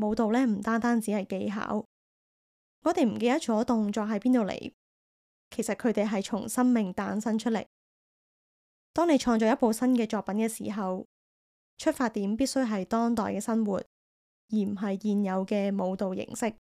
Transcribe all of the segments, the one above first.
舞蹈呢唔單單只係技巧，我哋唔記得咗動作喺邊度嚟，其實佢哋係從生命誕生出嚟。當你創造一部新嘅作品嘅時候，出發點必須係當代嘅生活，而唔係現有嘅舞蹈形式。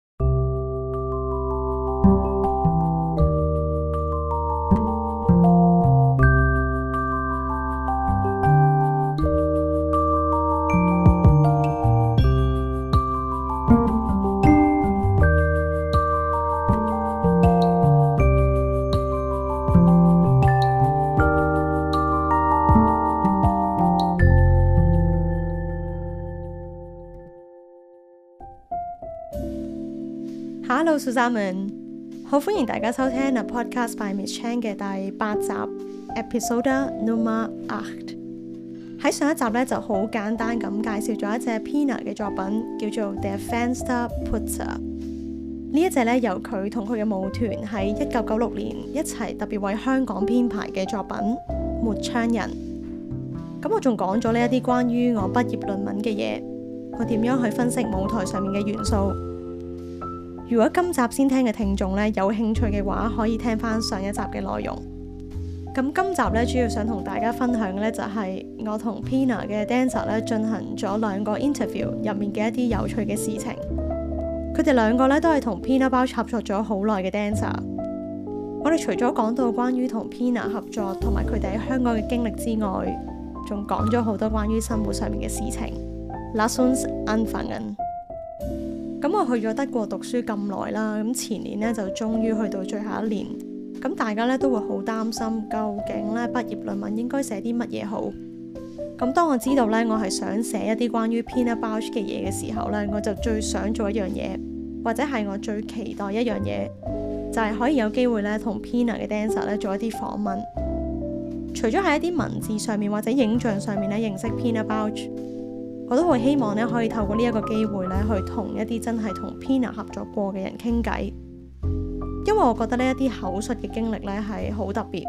好！歡迎大家收聽《A Podcast by Miss Chan》嘅第八集《Episode Nummer Acht》。喺上一集咧就好簡單咁介紹咗一隻 Pina 嘅作品，叫做《Der Fensterputzer》。呢一隻咧由佢同佢嘅舞團喺一九九六年一齊特別為香港編排嘅作品《抹窗人》。咁我仲講咗呢一啲關於我畢業論文嘅嘢，我點樣去分析舞台上面嘅元素。如果今集先聽嘅聽眾呢，有興趣嘅話，可以聽翻上，上一集嘅內容。咁今集呢，主要想同大家分享呢、就是，就係我同 Pina 嘅 Dancer 咧進行咗兩個 interview 入面嘅一啲有趣嘅事情。佢哋兩個呢，都係同 Pina 包合作咗好耐嘅 Dancer。我哋除咗講到關於同 Pina 合作同埋佢哋喺香港嘅經歷之外，仲講咗好多關於生活上面嘅事情。Lassons e u n f u n 咁我去咗德國讀書咁耐啦，咁前年咧就終於去到最後一年。咁大家咧都會好擔心，究竟咧畢業論文應該寫啲乜嘢好？咁當我知道咧我係想寫一啲關於 Pina Bausch 嘅嘢嘅時候咧，我就最想做一樣嘢，或者係我最期待一樣嘢，就係可以有機會咧同 Pina 嘅 dancer 咧做一啲訪問，除咗喺一啲文字上面或者影像上面咧認識 Pina Bausch。我都會希望咧，可以透過呢一個機會咧，去同一啲真係同 Pina 合作過嘅人傾偈，因為我覺得呢一啲口述嘅經歷咧係好特別，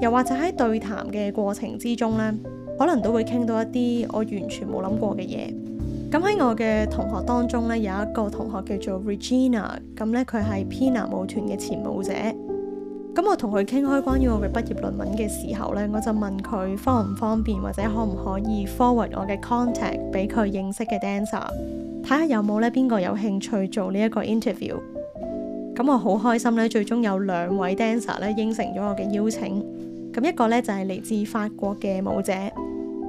又或者喺對談嘅過程之中咧，可能都會傾到一啲我完全冇諗過嘅嘢。咁喺我嘅同學當中咧，有一個同學叫做 Regina，咁咧佢係 Pina 舞團嘅前舞者。咁我同佢傾開關於我嘅畢業論文嘅時候呢，我就問佢方唔方便或者可唔可以 forward 我嘅 contact 俾佢認識嘅 dancer，睇下有冇呢邊個有興趣做呢一個 interview。咁我好開心呢，最終有兩位 dancer 咧應承咗我嘅邀請。咁一個呢就係嚟自法國嘅舞者，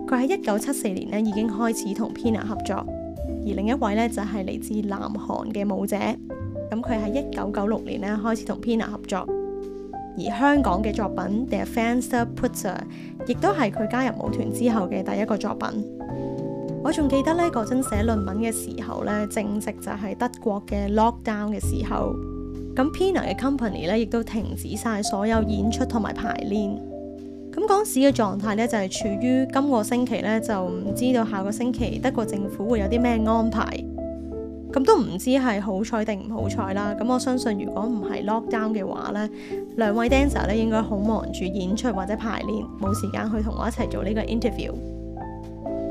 佢喺一九七四年呢已經開始同 Pina 合作；而另一位呢就係嚟自南韓嘅舞者，咁佢喺一九九六年呢開始同 Pina 合作。而香港嘅作品《Der Fensterputzer》亦都係佢加入舞團之後嘅第一個作品。我仲記得呢嗰陣寫論文嘅時候呢正值就係德國嘅 lockdown 嘅時候，咁 Pina 嘅 company 呢亦都停止晒所有演出同埋排練。咁嗰時嘅狀態呢，就係處於今個星期呢，就唔知道下個星期德國政府會有啲咩安排。咁都唔知係好彩定唔好彩啦！咁我相信如果唔係 lockdown 嘅話呢兩位 dancer 咧應該好忙住演出或者排練，冇時間去同我一齊做呢個 interview。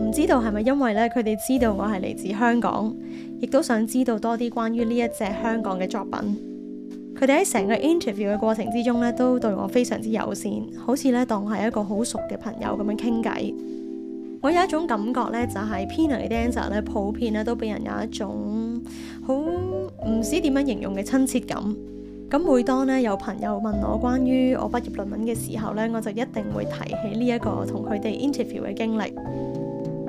唔知道係咪因為咧佢哋知道我係嚟自香港，亦都想知道多啲關於呢一隻香港嘅作品。佢哋喺成個 interview 嘅過程之中咧，都對我非常之友善，好似咧當係一個好熟嘅朋友咁樣傾偈。我有一種感覺呢，就係 Pina 嘅 dancer 咧，普遍咧都俾人有一種好唔知點樣形容嘅親切感。咁每當咧有朋友問我關於我畢業論文嘅時候咧，我就一定會提起呢一個同佢哋 interview 嘅經歷。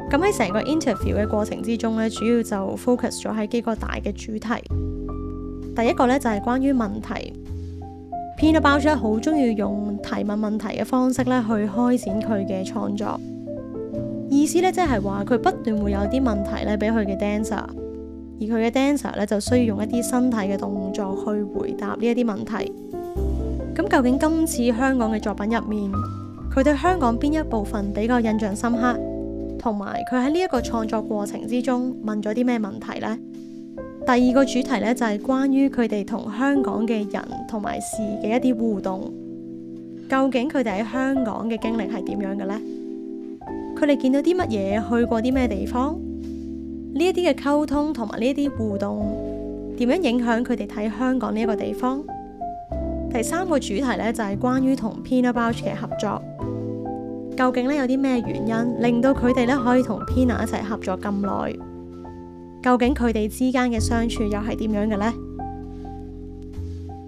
咁喺成個 interview 嘅過程之中咧，主要就 focus 咗喺幾個大嘅主題。第一個咧就係關於問題。Pina Bausch 好中意用提問問題嘅方式咧去開展佢嘅創作。意思咧即係話佢不斷會有啲問題咧俾佢嘅 dancer。而佢嘅 dancer 咧就需要用一啲身體嘅動作去回答呢一啲問題。咁究竟今次香港嘅作品入面，佢對香港邊一部分比較印象深刻？同埋佢喺呢一個創作過程之中問咗啲咩問題呢？第二個主題呢，就係關於佢哋同香港嘅人同埋事嘅一啲互動。究竟佢哋喺香港嘅經歷係點樣嘅呢？佢哋見到啲乜嘢？去過啲咩地方？呢一啲嘅溝通同埋呢一啲互動點樣影響佢哋睇香港呢一個地方？第三個主題呢，就係關於同 Pina Bausch 嘅合作，究竟呢有啲咩原因令到佢哋呢可以同 Pina 一齊合作咁耐？究竟佢哋之間嘅相處又係點樣嘅呢？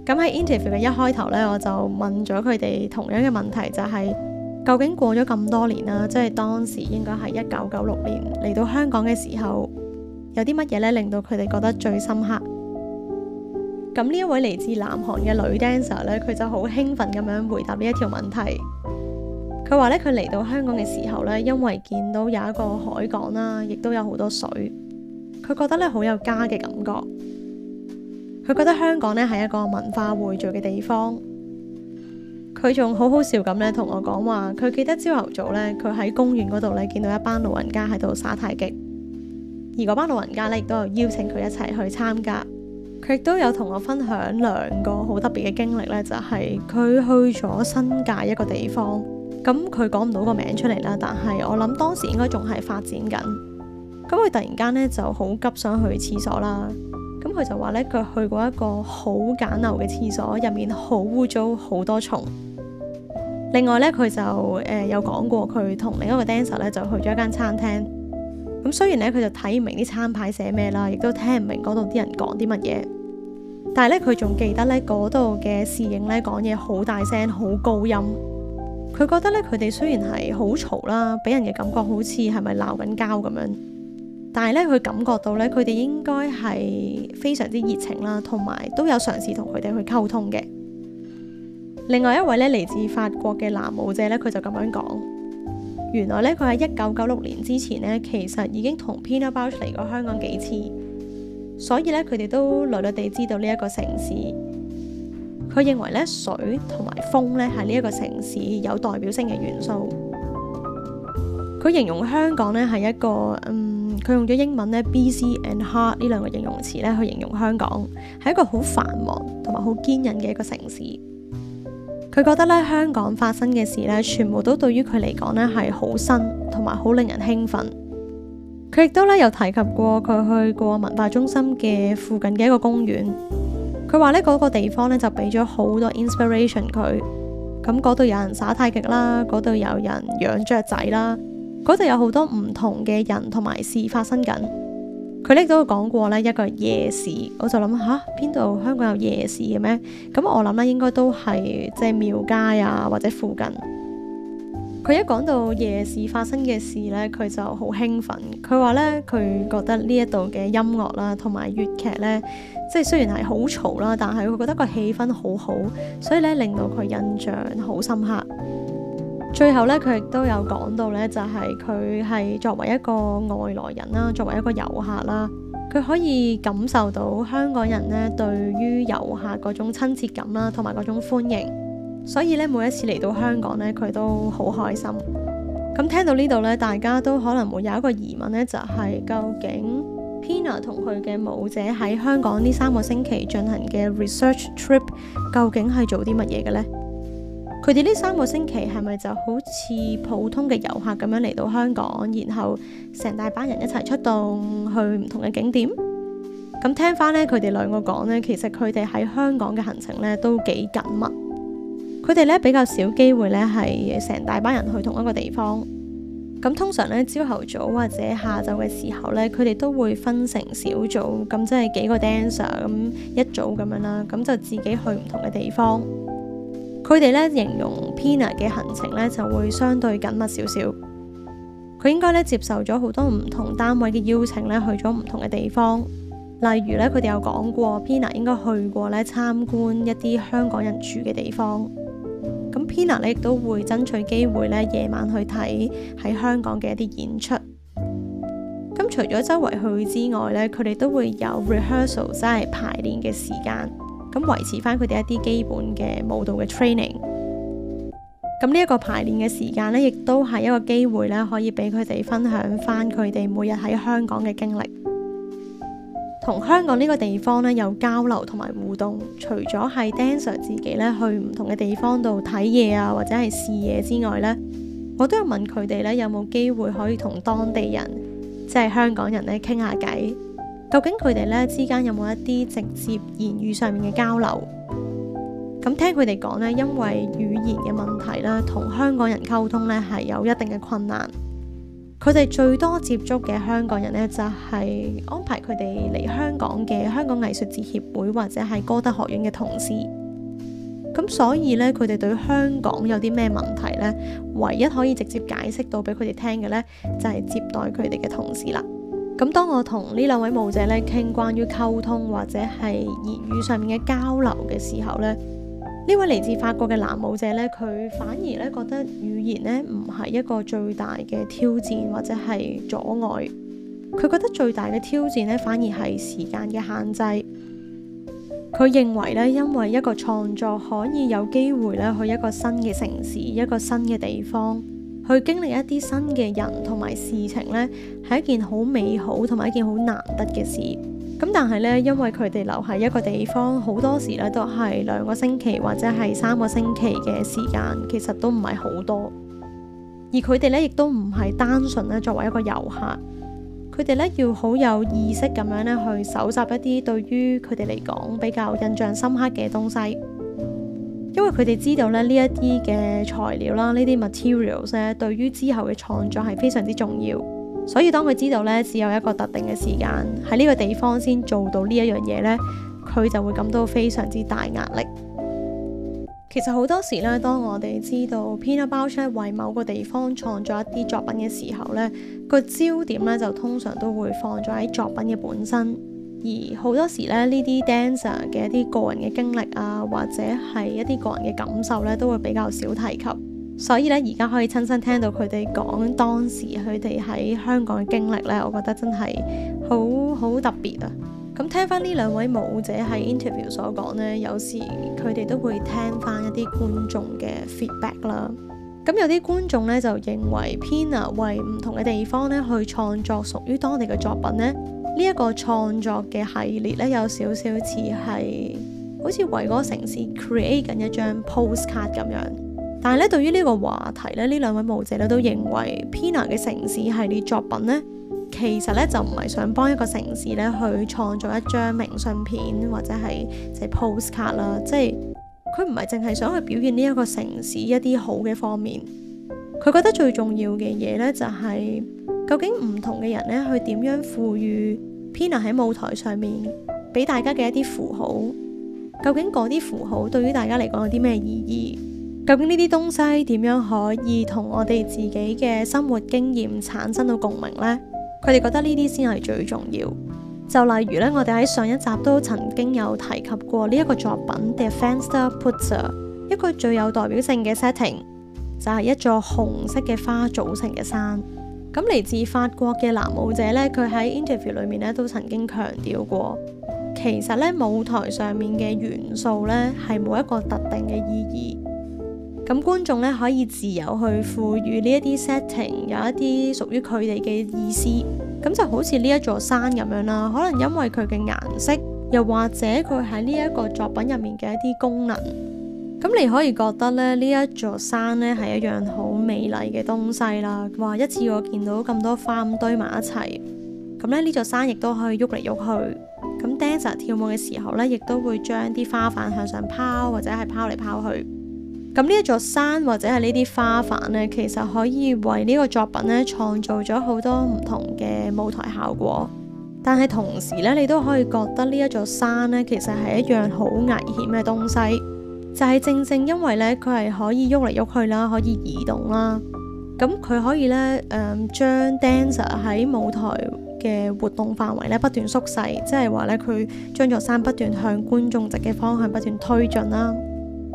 咁喺 interview 嘅一開頭呢，我就問咗佢哋同樣嘅問題，就係：究竟過咗咁多年啦，即係當時應該係一九九六年嚟到香港嘅時候，有啲乜嘢呢令到佢哋覺得最深刻？咁呢一位嚟自南韓嘅女 dancer 呢，佢就好興奮咁樣回答呢一條問題。佢話呢，佢嚟到香港嘅時候呢，因為見到有一個海港啦，亦都有好多水，佢覺得呢好有家嘅感覺。佢覺得香港呢係一個文化匯聚嘅地方。佢仲好好笑咁咧，同我講話，佢記得朝頭早咧，佢喺公園嗰度咧見到一班老人家喺度耍太極，而嗰班老人家咧亦都有邀請佢一齊去參加。佢亦都有同我分享兩個好特別嘅經歷咧，就係、是、佢去咗新界一個地方，咁佢講唔到個名出嚟啦，但係我諗當時應該仲係發展緊。咁佢突然間咧就好急想去廁所啦。咁佢就話咧，佢去過一個好簡陋嘅廁所，入面好污糟，好多蟲。另外咧，佢就誒、呃、有講過，佢同另一個 Dancer 咧就去咗一間餐廳。咁雖然咧，佢就睇唔明啲餐牌寫咩啦，亦都聽唔明嗰度啲人講啲乜嘢，但係咧，佢仲記得咧嗰度嘅侍應咧講嘢好大聲，好高音。佢覺得咧，佢哋雖然係好嘈啦，俾人嘅感覺好似係咪鬧緊交咁樣。但係咧，佢感覺到咧，佢哋應該係非常之熱情啦，同埋都有嘗試同佢哋去溝通嘅。另外一位咧嚟自法國嘅男舞者咧，佢就咁樣講：原來咧，佢喺一九九六年之前咧，其實已經同 Pina Bausch 嚟過香港幾次，所以咧，佢哋都略略地知道呢一個城市。佢認為咧，水同埋風咧係呢一個城市有代表性嘅元素。佢形容香港咧係一個嗯。佢用咗英文咧 busy and hard 呢兩個形容詞咧，去形容香港係一個好繁忙同埋好堅韌嘅一個城市。佢覺得咧，香港發生嘅事咧，全部都對於佢嚟講咧係好新同埋好令人興奮。佢亦都咧有提及過，佢去過文化中心嘅附近嘅一個公園。佢話咧嗰個地方咧就俾咗好多 inspiration 佢。咁嗰度有人耍太極啦，嗰度有人養雀仔啦。嗰度有好多唔同嘅人同埋事發生緊。佢呢度講過呢一個夜市，我就諗下邊度香港有夜市嘅咩？咁我諗呢應該都係即係廟街啊或者附近。佢一講到夜市發生嘅事呢，佢就好興奮。佢話呢，佢覺得呢一度嘅音樂啦同埋粵劇呢，即係雖然係好嘈啦，但係佢覺得個氣氛好好，所以呢令到佢印象好深刻。最後咧，佢亦都有講到咧，就係佢係作為一個外來人啦，作為一個遊客啦，佢可以感受到香港人咧對於遊客嗰種親切感啦，同埋嗰種歡迎。所以咧，每一次嚟到香港咧，佢都好開心。咁聽到呢度咧，大家都可能會有一個疑問咧，就係究竟 Pina 同佢嘅舞者喺香港呢三個星期進行嘅 research trip，究竟係做啲乜嘢嘅呢？佢哋呢三個星期係咪就好似普通嘅遊客咁樣嚟到香港，然後成大班人一齊出動去唔同嘅景點？咁聽翻咧，佢哋兩個講咧，其實佢哋喺香港嘅行程咧都幾緊密。佢哋咧比較少機會咧係成大班人去同一個地方。咁通常咧朝頭早或者下晝嘅時候咧，佢哋都會分成小組，咁即係幾個 dancer 咁一組咁樣啦，咁就自己去唔同嘅地方。佢哋咧形容 Pina 嘅行程咧就會相對緊密少少。佢應該咧接受咗好多唔同單位嘅邀請咧，去咗唔同嘅地方。例如咧，佢哋有講過 Pina 應該去過咧參觀一啲香港人住嘅地方。咁 Pina 咧亦都會爭取機會咧，夜晚去睇喺香港嘅一啲演出。咁除咗周圍去之外咧，佢哋都會有 rehearsal，即係排練嘅時間。咁維持翻佢哋一啲基本嘅舞蹈嘅 training，咁呢一個排練嘅時間呢，亦都係一個機會咧，可以俾佢哋分享翻佢哋每日喺香港嘅經歷，同香港呢個地方呢，有交流同埋互動。除咗係 dancer 自己咧去唔同嘅地方度睇嘢啊，或者係試嘢之外呢，我都有問佢哋呢，有冇機會可以同當地人，即係香港人呢，傾下偈。聊聊究竟佢哋咧之間有冇一啲直接言語上面嘅交流？咁聽佢哋講咧，因為語言嘅問題咧，同香港人溝通咧係有一定嘅困難。佢哋最多接觸嘅香港人咧，就係安排佢哋嚟香港嘅香港藝術節協會或者係歌德學院嘅同事。咁所以咧，佢哋對香港有啲咩問題咧，唯一可以直接解釋到俾佢哋聽嘅咧，就係接待佢哋嘅同事啦。咁當我同呢兩位舞者咧傾關於溝通或者係語言上面嘅交流嘅時候咧，呢位嚟自法國嘅男舞者咧，佢反而咧覺得語言咧唔係一個最大嘅挑戰或者係阻礙，佢覺得最大嘅挑戰咧反而係時間嘅限制。佢認為咧，因為一個創作可以有機會咧去一個新嘅城市，一個新嘅地方。去經歷一啲新嘅人同埋事情，呢係一件好美好同埋一件好難得嘅事。咁但係呢，因為佢哋留喺一個地方，好多時呢，都係兩個星期或者係三個星期嘅時間，其實都唔係好多。而佢哋呢，亦都唔係單純咧作為一個遊客，佢哋呢要好有意識咁樣呢去搜集一啲對於佢哋嚟講比較印象深刻嘅東西。因為佢哋知道咧，呢一啲嘅材料啦，呢啲 materials 咧，對於之後嘅創作係非常之重要。所以當佢知道咧只有一個特定嘅時間喺呢個地方先做到呢一樣嘢咧，佢就會感到非常之大壓力。其實好多時咧，當我哋知道 Pina Bausch 為某個地方創作一啲作品嘅時候咧，個焦點咧就通常都會放咗喺作品嘅本身。而好多時咧，呢啲 dancer 嘅一啲個人嘅經歷啊，或者係一啲個人嘅感受咧，都會比較少提及。所以咧，而家可以親身聽到佢哋講當時佢哋喺香港嘅經歷咧，我覺得真係好好特別啊。咁聽翻呢兩位舞者喺 interview 所講呢，有時佢哋都會聽翻一啲觀眾嘅 feedback 啦。咁有啲觀眾咧就認為 Pina 為唔同嘅地方咧去創作屬於當地嘅作品呢。呢一個創作嘅系列咧，有少少似係好似為嗰個城市 create 緊一張 postcard 咁樣。但係咧，對於呢個話題咧，呢兩位舞者咧都認為 Pina 嘅城市系列作品咧，其實咧就唔係想幫一個城市咧去創作一張明信片或者係即係、就係、postcard 啦。即係佢唔係淨係想去表現呢一個城市一啲好嘅方面。佢覺得最重要嘅嘢咧，就係、係、究竟唔同嘅人咧，去點樣賦予？Pina 喺舞台上面俾大家嘅一啲符號，究竟嗰啲符號對於大家嚟講有啲咩意義？究竟呢啲東西點樣可以同我哋自己嘅生活經驗產生到共鳴咧？佢哋覺得呢啲先係最重要。就例如咧，我哋喺上一集都曾經有提及過呢一個作品《The Fensterputzer》一個最有代表性嘅 setting，就係一座紅色嘅花組成嘅山。咁嚟自法國嘅男舞者咧，佢喺 interview 裏面咧都曾經強調過，其實咧舞台上面嘅元素咧係冇一個特定嘅意義，咁觀眾咧可以自由去賦予呢一啲 setting 有一啲屬於佢哋嘅意思。咁就好似呢一座山咁樣啦，可能因為佢嘅顏色，又或者佢喺呢一個作品入面嘅一啲功能。咁你可以覺得咧呢一座山咧係一樣好。美麗嘅東西啦，話一次我見到咁多花咁堆埋一齊，咁咧呢座山亦都可以喐嚟喐去，咁 Dancer 跳舞嘅時候咧，亦都會將啲花瓣向上拋或者係拋嚟拋去，咁呢一座山或者係呢啲花瓣咧，其實可以為呢個作品咧創造咗好多唔同嘅舞台效果，但係同時咧，你都可以覺得呢一座山咧，其實係一樣好危險嘅東西。就係正正因為咧，佢係可以喐嚟喐去啦，可以移動啦，咁佢可以咧，誒、嗯、將 dancer 喺舞台嘅活動範圍咧不斷縮細，即係話咧佢將座山不斷向觀眾席嘅方向不斷推進啦。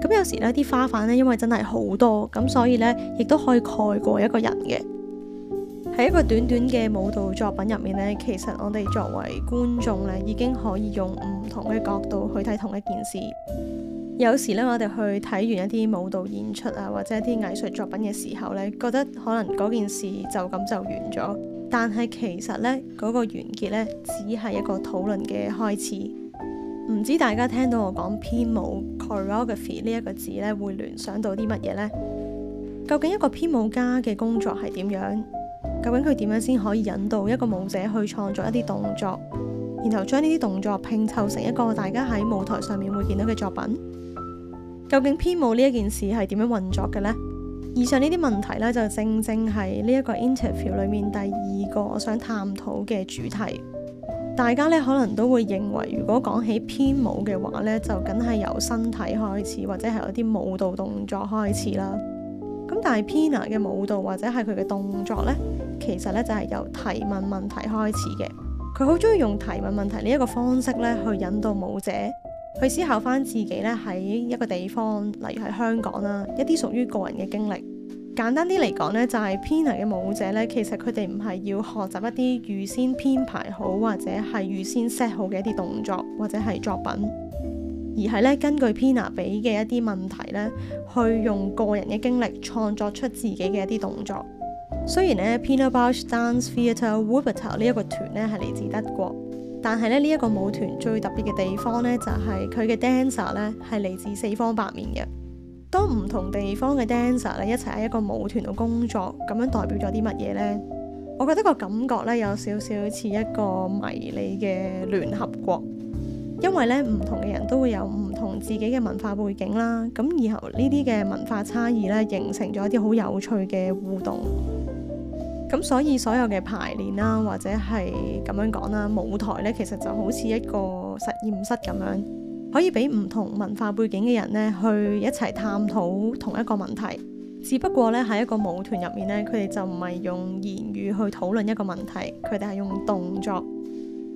咁有時呢啲花瓣咧，因為真係好多，咁所以咧亦都可以蓋過一個人嘅。喺一個短短嘅舞蹈作品入面咧，其實我哋作為觀眾咧，已經可以用唔同嘅角度去睇同一件事。有時咧，我哋去睇完一啲舞蹈演出啊，或者一啲藝術作品嘅時候呢，覺得可能嗰件事就咁就完咗。但係其實呢，嗰個完結呢，只係一個討論嘅開始。唔知大家聽到我講編舞 （choreography） 呢一個字呢，會聯想到啲乜嘢呢？究竟一個編舞家嘅工作係點樣？究竟佢點樣先可以引導一個舞者去創作一啲動作，然後將呢啲動作拼湊成一個大家喺舞台上面會見到嘅作品？究竟編舞呢一件事係點樣運作嘅呢？以上呢啲問題咧，就正正係呢一個 interview 裡面第二個我想探討嘅主題。大家咧可能都會認為，如果講起編舞嘅話咧，就梗係由身體開始，或者係有啲舞蹈動作開始啦。咁但係 Pina 嘅舞蹈或者係佢嘅動作咧，其實咧就係由提問問題開始嘅。佢好中意用提問問題呢一個方式咧，去引導舞者。去思考翻自己咧喺一個地方，例如喺香港啦，一啲屬於個人嘅經歷。簡單啲嚟講呢就係、是、Pina 嘅舞者呢，其實佢哋唔係要學習一啲預先編排好或者係預先 set 好嘅一啲動作或者係作品，而係咧根據 Pina 俾嘅一啲問題呢，去用個人嘅經歷創作出自己嘅一啲動作。雖然呢 Pina Bausch Dance Theater Wuppertal 呢一個團呢係嚟自德國。但係咧，呢一個舞團最特別嘅地方呢，就係佢嘅 dancer 呢係嚟自四方八面嘅。當唔同地方嘅 dancer 咧一齊喺一個舞團度工作，咁樣代表咗啲乜嘢呢？我覺得個感覺咧有少少似一個迷你嘅聯合國，因為咧唔同嘅人都會有唔同自己嘅文化背景啦。咁以後呢啲嘅文化差異咧，形成咗一啲好有趣嘅互動。咁所以所有嘅排練啦，或者係咁樣講啦，舞台咧其實就好似一個實驗室咁樣，可以俾唔同文化背景嘅人咧去一齊探討同一個問題。只不過咧喺一個舞團入面咧，佢哋就唔係用言語去討論一個問題，佢哋係用動作。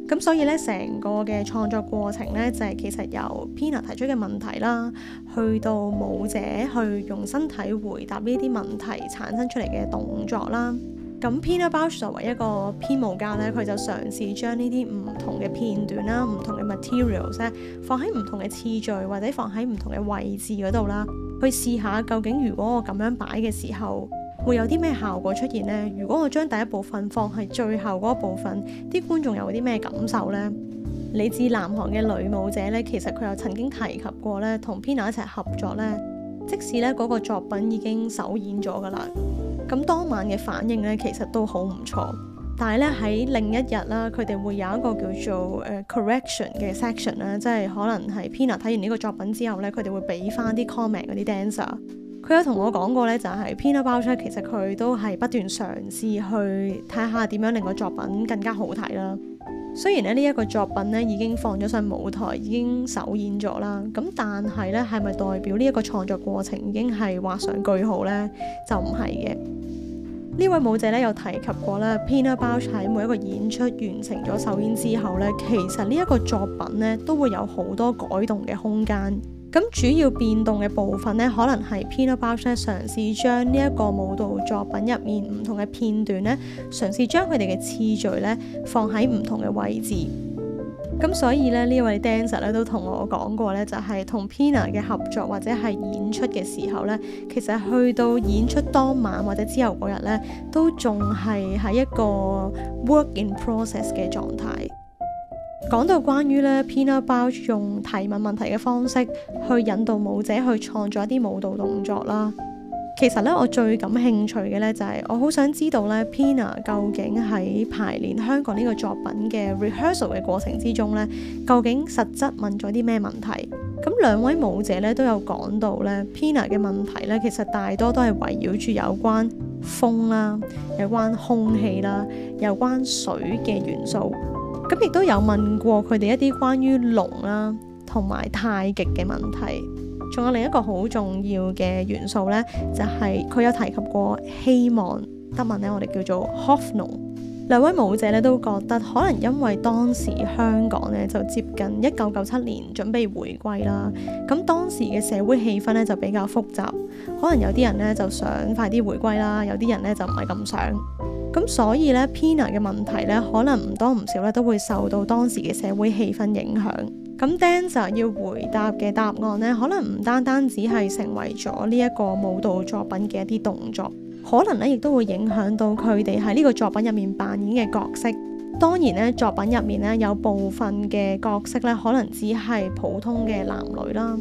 咁所以咧成個嘅創作過程咧，就係其實由 Pina 提出嘅問題啦，去到舞者去用身體回答呢啲問題，產生出嚟嘅動作啦。咁 Pina Bausch 作為一個編舞家咧，佢就嘗試將呢啲唔同嘅片段啦、唔同嘅 materials 咧，放喺唔同嘅次序，或者放喺唔同嘅位置嗰度啦，去試下究竟如果我咁樣擺嘅時候，會有啲咩效果出現呢？如果我將第一部分放喺最後嗰部分，啲觀眾有啲咩感受呢？嚟自南韓嘅女舞者咧，其實佢又曾經提及過咧，同 Pina 一齊合作咧，即使咧嗰個作品已經首演咗㗎啦。咁當晚嘅反應咧，其實都好唔錯。但係咧喺另一日啦，佢哋會有一個叫做誒、uh, correction 嘅 section 啦，即係可能係 Pina 睇完呢個作品之後咧，佢哋會俾翻啲 comment 嗰啲 dancer。佢有同我講過咧，就係、是、Pina Bausch，其實佢都係不斷嘗試去睇下點樣令個作品更加好睇啦。雖然咧呢一、這個作品咧已經放咗上舞台，已經首演咗啦。咁但係咧係咪代表呢一個創作過程已經係畫上句號咧？就唔係嘅。呢位舞者咧有提及過啦。 Pina Bausch 喺每一個演出完成咗首演之後咧，其實呢一個作品咧都會有好多改動嘅空間。咁主要變動嘅部分咧，可能係 Pina Bausch 嘗試將呢一個舞蹈作品入面唔同嘅片段咧，嘗試將佢哋嘅次序咧放喺唔同嘅位置。咁所以咧，呢位 dancer 咧都同我講過咧，就係同 Pina 嘅合作或者係演出嘅時候咧，其實去到演出當晚或者之後嗰日咧，都仲係喺一個 work in process 嘅狀態。講到關於咧 Pina Bausch 用提問問題嘅方式去引導舞者去創作一啲舞蹈動作啦。其實咧，我最感興趣嘅咧，就係我好想知道咧，Pina 究竟喺排練香港呢個作品嘅 rehearsal 嘅過程之中咧，究竟實質問咗啲咩問題？咁兩位舞者咧都有講到咧，Pina 嘅問題咧，其實大多都係圍繞住有關風啦、有關空氣啦、有關水嘅元素。咁亦都有問過佢哋一啲關於龍啦同埋太極嘅問題。仲有另一個好重要嘅元素呢，就係佢有提及過希望德文呢，我哋叫做 Hoffnung。兩位舞者咧都覺得，可能因為當時香港呢，就接近一九九七年準備回歸啦，咁當時嘅社會氣氛呢，就比較複雜，可能有啲人呢，就想快啲回歸啦，有啲人呢，就唔係咁想。咁所以呢，Pina 嘅問題呢，可能唔多唔少呢，都會受到當時嘅社會氣氛影響。咁 Dancer 要回答嘅答案呢，可能唔單單只係成為咗呢一個舞蹈作品嘅一啲動作，可能呢亦都會影響到佢哋喺呢個作品入面扮演嘅角色。當然呢，作品入面呢有部分嘅角色呢，可能只係普通嘅男女啦。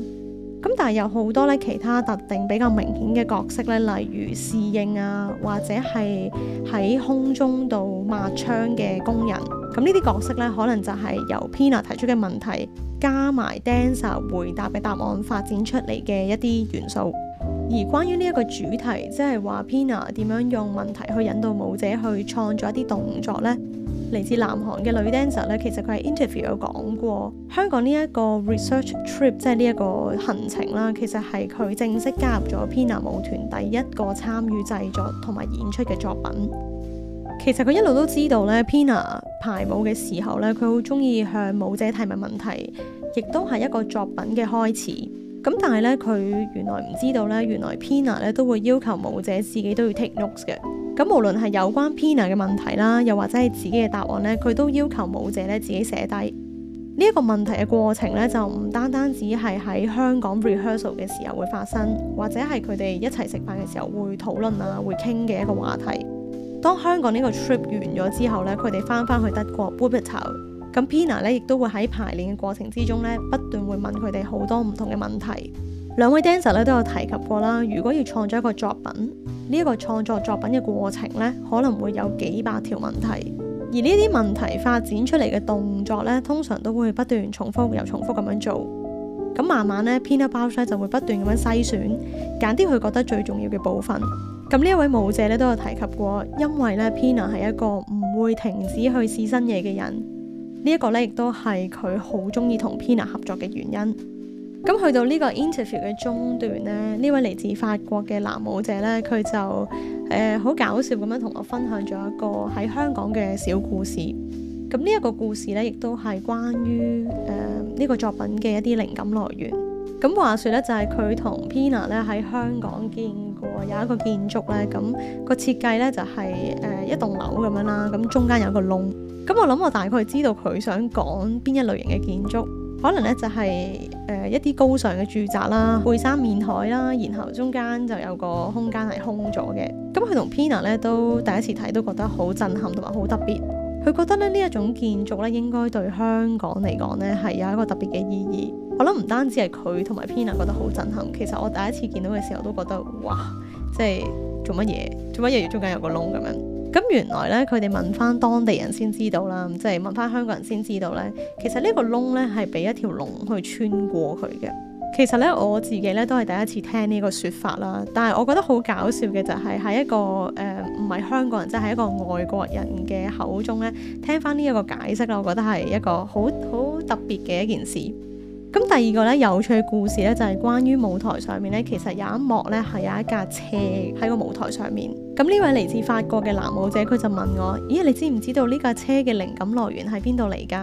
咁但係有好多咧其他特定比較明顯嘅角色咧，例如侍應啊，或者係喺空中度抹窗嘅工人。咁呢啲角色咧，可能就係由 Pina 提出嘅問題加埋 Dancer 回答嘅答案發展出嚟嘅一啲元素。而關於呢一個主題，即係話 Pina 點樣用問題去引導舞者去創作一啲動作呢？嚟自南韓嘅女 dancer 咧，其實佢係 interview 有講過，香港呢一個 research trip 即係呢一個行程啦，其實係佢正式加入咗 Pina 舞團第一個參與製作同埋演出嘅作品。其實佢一路都知道咧，Pina 排舞嘅時候咧，佢好中意向舞者提問問題，亦都係一個作品嘅開始。咁但係咧，佢原來唔知道咧，原來 Pina 咧都會要求舞者自己都要 take notes 嘅。咁無論係有關 Pina 嘅問題啦，又或者係自己嘅答案呢，佢都要求舞者咧自己寫低呢一個問題嘅過程呢，就唔單單只係喺香港 rehearsal 嘅時候會發生，或者係佢哋一齊食飯嘅時候會討論啊，會傾嘅一個話題。當香港呢個 trip 完咗之後呢，佢哋翻返去德國 Wuppertal，咁 Pina 呢亦都會喺排練嘅過程之中呢，不斷會問佢哋好多唔同嘅問題。兩位 dancer 咧都有提及過啦，如果要創作一個作品，呢一個創作作品嘅過程咧，可能會有幾百條問題，而呢啲問題發展出嚟嘅動作咧，通常都會不斷重複又重複咁樣做，咁慢慢咧，Pina Bausch 就會不斷咁樣篩選，揀啲佢覺得最重要嘅部分。咁呢一位舞者咧都有提及過，因為咧 Pina 係一個唔會停止去試新嘢嘅人，呢一個咧亦都係佢好中意同 Pina 合作嘅原因。咁去到呢個 interview 嘅中段呢，呢位嚟自法國嘅男舞者呢，佢就誒好搞笑咁樣同我分享咗一個喺香港嘅小故事。咁呢一個故事呢，亦都係關於誒呢個作品嘅一啲靈感來源。咁話説呢，就係佢同 Pina 咧喺香港見過有一個建築呢，咁個設計呢，就係誒一棟樓咁樣啦，咁中間有個窿。咁我諗我大概知道佢想講邊一類型嘅建築。可能咧就係、是、誒、呃、一啲高尚嘅住宅啦，背山面海啦，然後中間就有個空間係空咗嘅。咁佢同 Pina 咧都第一次睇都覺得好震撼同埋好特別。佢覺得咧呢一種建築咧應該對香港嚟講咧係有一個特別嘅意義。我諗唔單止係佢同埋 Pina 覺得好震撼，其實我第一次見到嘅時候都覺得哇，即係做乜嘢？做乜嘢？要中間有個窿咁樣。咁原來咧，佢哋問翻當地人先知道啦，即係問翻香港人先知道咧。其實呢個窿咧係俾一條龍去穿過佢嘅。其實咧我自己咧都係第一次聽呢個說法啦。但係我覺得好搞笑嘅就係喺一個誒唔係香港人，即係喺一個外國人嘅口中咧聽翻呢一個解釋啦。我覺得係一個好好特別嘅一件事。咁第二個咧有趣故事咧，就係關於舞台上面咧，其實有一幕咧係有一架車喺個舞台上面。咁呢位嚟自法國嘅男舞者，佢就問我：咦，你知唔知道呢架車嘅靈感來源喺邊度嚟㗎？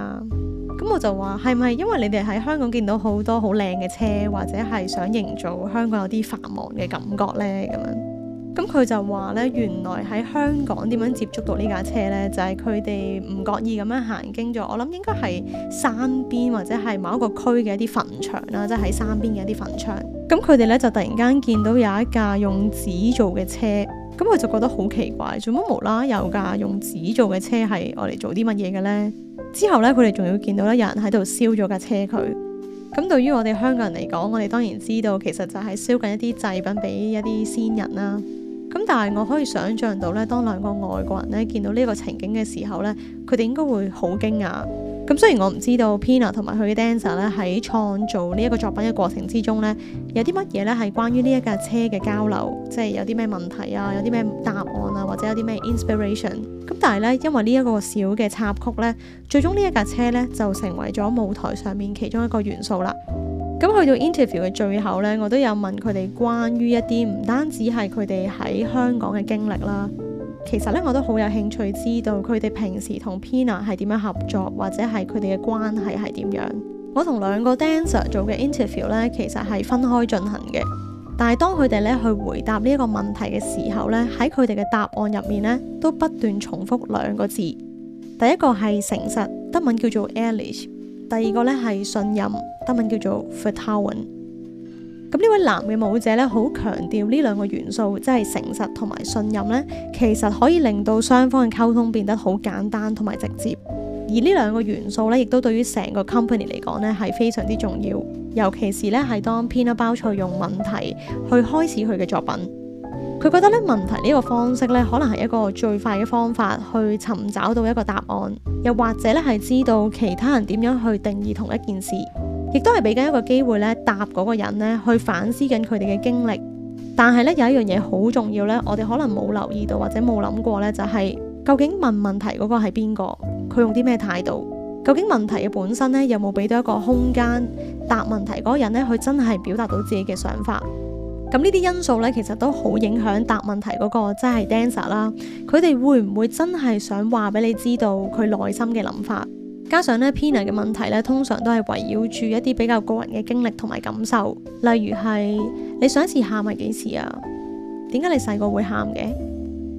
咁我就話：係咪因為你哋喺香港見到好多好靚嘅車，或者係想營造香港有啲繁忙嘅感覺呢？」咁樣。咁佢就話咧，原來喺香港點樣接觸到呢架車呢？就係佢哋唔覺意咁樣行經咗。我諗應該係山邊或者係某一個區嘅一啲墳場啦，即係喺山邊嘅一啲墳場。咁佢哋咧就突然間見到有一架用紙做嘅車，咁佢就覺得好奇怪，做乜無啦有架用紙做嘅車係我嚟做啲乜嘢嘅呢？之後咧佢哋仲要見到咧有人喺度燒咗架車佢。咁對於我哋香港人嚟講，我哋當然知道其實就係燒緊一啲祭品俾一啲先人啦。咁但係我可以想像到咧，當兩個外國人咧見到呢個情景嘅時候咧，佢哋應該會好驚訝。咁雖然我唔知道 Pina 同埋佢嘅 Dancer 咧喺創造呢一個作品嘅過程之中咧，有啲乜嘢咧係關於呢一架車嘅交流，即係有啲咩問題啊，有啲咩答案啊，或者有啲咩 inspiration。咁但係咧，因為呢一個小嘅插曲咧，最終呢一架車咧就成為咗舞台上面其中一個元素啦。咁去到 interview 嘅最後呢，我都有問佢哋關於一啲唔單止係佢哋喺香港嘅經歷啦。其實呢，我都好有興趣知道佢哋平時同 Pina 係點樣合作，或者係佢哋嘅關係係點樣。我同兩個 dancer 做嘅 interview 呢，其實係分開進行嘅。但係當佢哋咧去回答呢一個問題嘅時候呢，喺佢哋嘅答案入面呢，都不斷重複兩個字。第一個係誠實，德文叫做 ehrlich。第二個咧係信任，德文叫做 freitauen。咁呢位男嘅舞者咧，好強調呢兩個元素，即係誠實同埋信任咧，其實可以令到雙方嘅溝通變得好簡單同埋直接。而呢兩個元素咧，亦都對於成個 company 嚟講咧，係非常之重要。尤其是咧，係當 Pina 包菜用問題去開始佢嘅作品。佢覺得咧，問題呢個方式咧，可能係一個最快嘅方法去尋找到一個答案，又或者咧係知道其他人點樣去定義同一件事，亦都係俾緊一個機會咧，答嗰個人咧去反思緊佢哋嘅經歷。但係咧，有一樣嘢好重要咧，我哋可能冇留意到或者冇諗過咧、就是，就係究竟問問題嗰個係邊個，佢用啲咩態度？究竟問題嘅本身咧，有冇俾到一個空間，答問題嗰個人咧，佢真係表達到自己嘅想法？咁呢啲因素咧，其實都好影響答問題嗰個，即係 Dancer 啦。佢哋會唔會真係想話俾你知道佢內心嘅諗法？加上咧，Pina 嘅問題咧，通常都係圍繞住一啲比較個人嘅經歷同埋感受，例如係你上一次喊係幾時啊？點解你細個會喊嘅？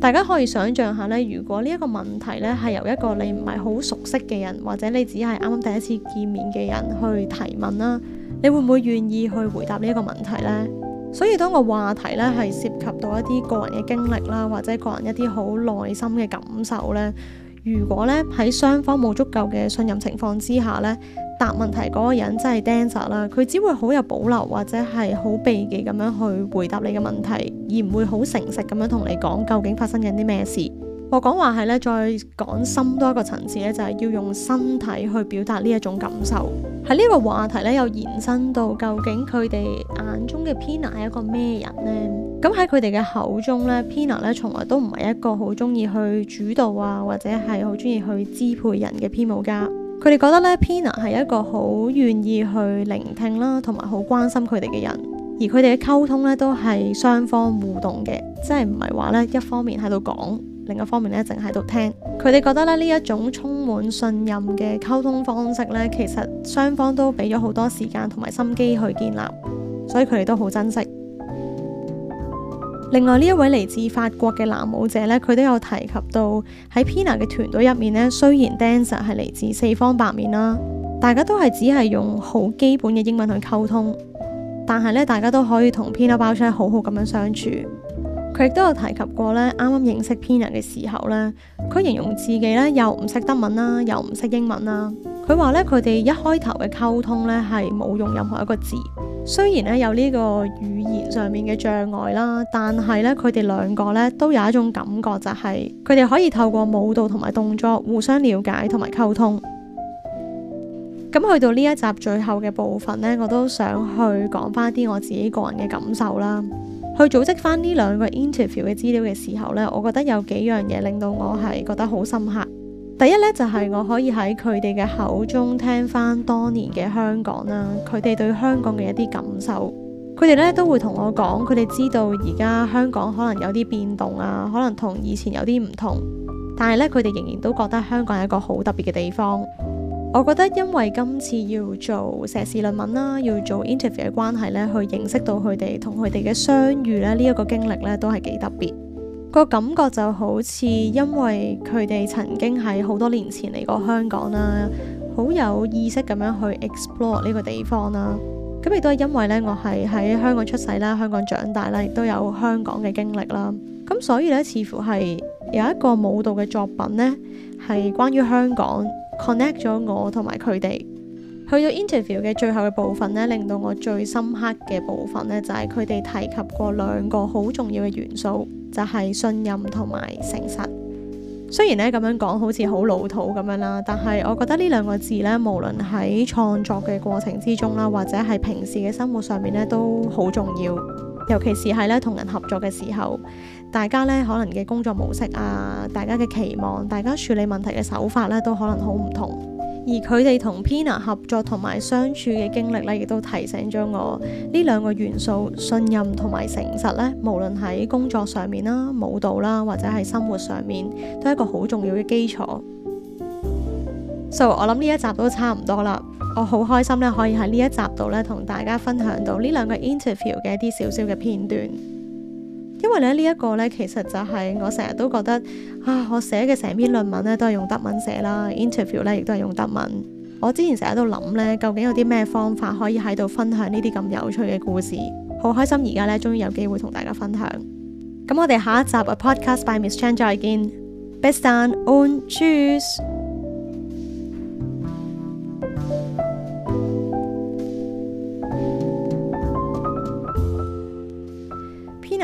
大家可以想象下咧，如果呢一個問題咧係由一個你唔係好熟悉嘅人，或者你只係啱啱第一次見面嘅人去提問啦，你會唔會願意去回答呢一個問題呢？所以當個話題咧係涉及到一啲個人嘅經歷啦，或者個人一啲好內心嘅感受咧，如果咧喺雙方冇足夠嘅信任情況之下咧，答問題嗰個人真係 dancer 啦，佢只會好有保留或者係好避忌咁樣去回答你嘅問題，而唔會好誠實咁樣同你講究竟發生緊啲咩事。我講話係咧，再講深多一個層次咧，就係、係、要用身體去表達呢一種感受。喺呢個話題咧，又延伸到究竟佢哋眼中嘅 Pina 係一個咩人呢？咁喺佢哋嘅口中咧，Pina 咧從來都唔係一個好中意去主導啊，或者係好中意去支配人嘅編舞家。佢哋覺得咧，Pina 係一個好願意去聆聽啦、啊，同埋好關心佢哋嘅人。而佢哋嘅溝通咧，都係雙方互動嘅，即係唔係話咧一方面喺度講。另一方面咧，正喺度聽。佢哋覺得咧呢一種充滿信任嘅溝通方式咧，其實雙方都俾咗好多時間同埋心機去建立，所以佢哋都好珍惜。另外呢一位嚟自法國嘅男舞者咧，佢都有提及到喺 Pina 嘅團隊入面咧，雖然 Dancer 係嚟自四方八面啦，大家都係只係用好基本嘅英文去溝通，但係咧大家都可以同 Pina 包殊好好咁樣相處。佢亦都有提及過咧，啱啱認識 Pina 嘅時候咧，佢形容自己咧又唔識德文啦，又唔識英文啦。佢話咧，佢哋一開頭嘅溝通咧係冇用任何一個字。雖然咧有呢個語言上面嘅障礙啦，但係咧佢哋兩個咧都有一種感覺，就係，就係佢哋可以透過舞蹈同埋動作互相了解同埋溝通。咁去到呢一集最後嘅部分咧，我都想去講翻啲我自己個人嘅感受啦。去組織翻呢兩個 interview 嘅資料嘅時候呢，我覺得有幾樣嘢令到我係覺得好深刻。第一呢，就係我可以喺佢哋嘅口中聽翻當年嘅香港啦，佢哋對香港嘅一啲感受。佢哋呢都會同我講，佢哋知道而家香港可能有啲變動啊，可能同以前有啲唔同，但係呢，佢哋仍然都覺得香港係一個好特別嘅地方。我覺得因為今次要做碩士論文啦，要做 interview 嘅關係咧，去認識到佢哋同佢哋嘅相遇咧呢一個經歷咧，都係幾特別。個感覺就好似因為佢哋曾經喺好多年前嚟過香港啦，好有意識咁樣去 explore 呢個地方啦。咁亦都係因為咧，我係喺香港出世啦，香港長大啦，亦都有香港嘅經歷啦。咁所以咧，似乎係有一個舞蹈嘅作品咧，係關於香港。Connect 咗我同埋佢哋去到 interview 嘅最後嘅部分咧，令到我最深刻嘅部分咧，就係佢哋提及過兩個好重要嘅元素，就係、是、信任同埋誠實。雖然咧咁樣講好似好老土咁樣啦，但係我覺得呢兩個字咧，無論喺創作嘅過程之中啦，或者係平時嘅生活上面咧，都好重要，尤其是係咧同人合作嘅時候。大家咧可能嘅工作模式啊，大家嘅期望，大家處理問題嘅手法咧，都可能好唔同。而佢哋同 Pina 合作，同埋相處嘅經歷咧，亦都提醒咗我呢兩個元素：信任同埋誠實咧，無論喺工作上面啦、舞蹈啦，或者係生活上面，都係一個好重要嘅基礎。So，我諗呢一集都差唔多啦。我好開心咧，可以喺呢一集度咧，同大家分享到呢兩個 interview 嘅一啲少少嘅片段。因為咧呢一個呢，其實就係我成日都覺得啊，我寫嘅成篇論文呢，都係用德文寫啦，interview 咧亦都係用德文。我之前成日都諗咧，究竟有啲咩方法可以喺度分享呢啲咁有趣嘅故事？好開心而家呢，終於有機會同大家分享。咁我哋下一集 A Podcast by Miss Chan 再見。Best time, on juice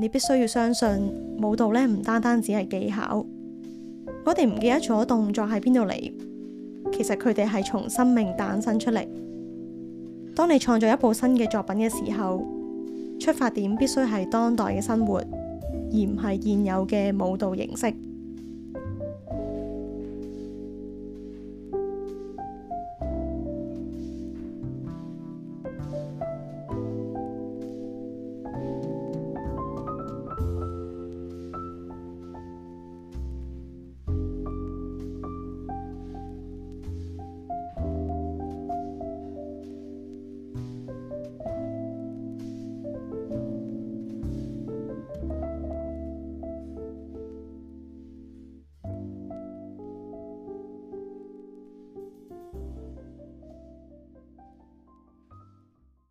你必須要相信舞蹈咧，唔單單只係技巧。我哋唔記得咗動作喺邊度嚟，其實佢哋係從生命誕生出嚟。當你創作一部新嘅作品嘅時候，出發點必須係當代嘅生活，而唔係現有嘅舞蹈形式。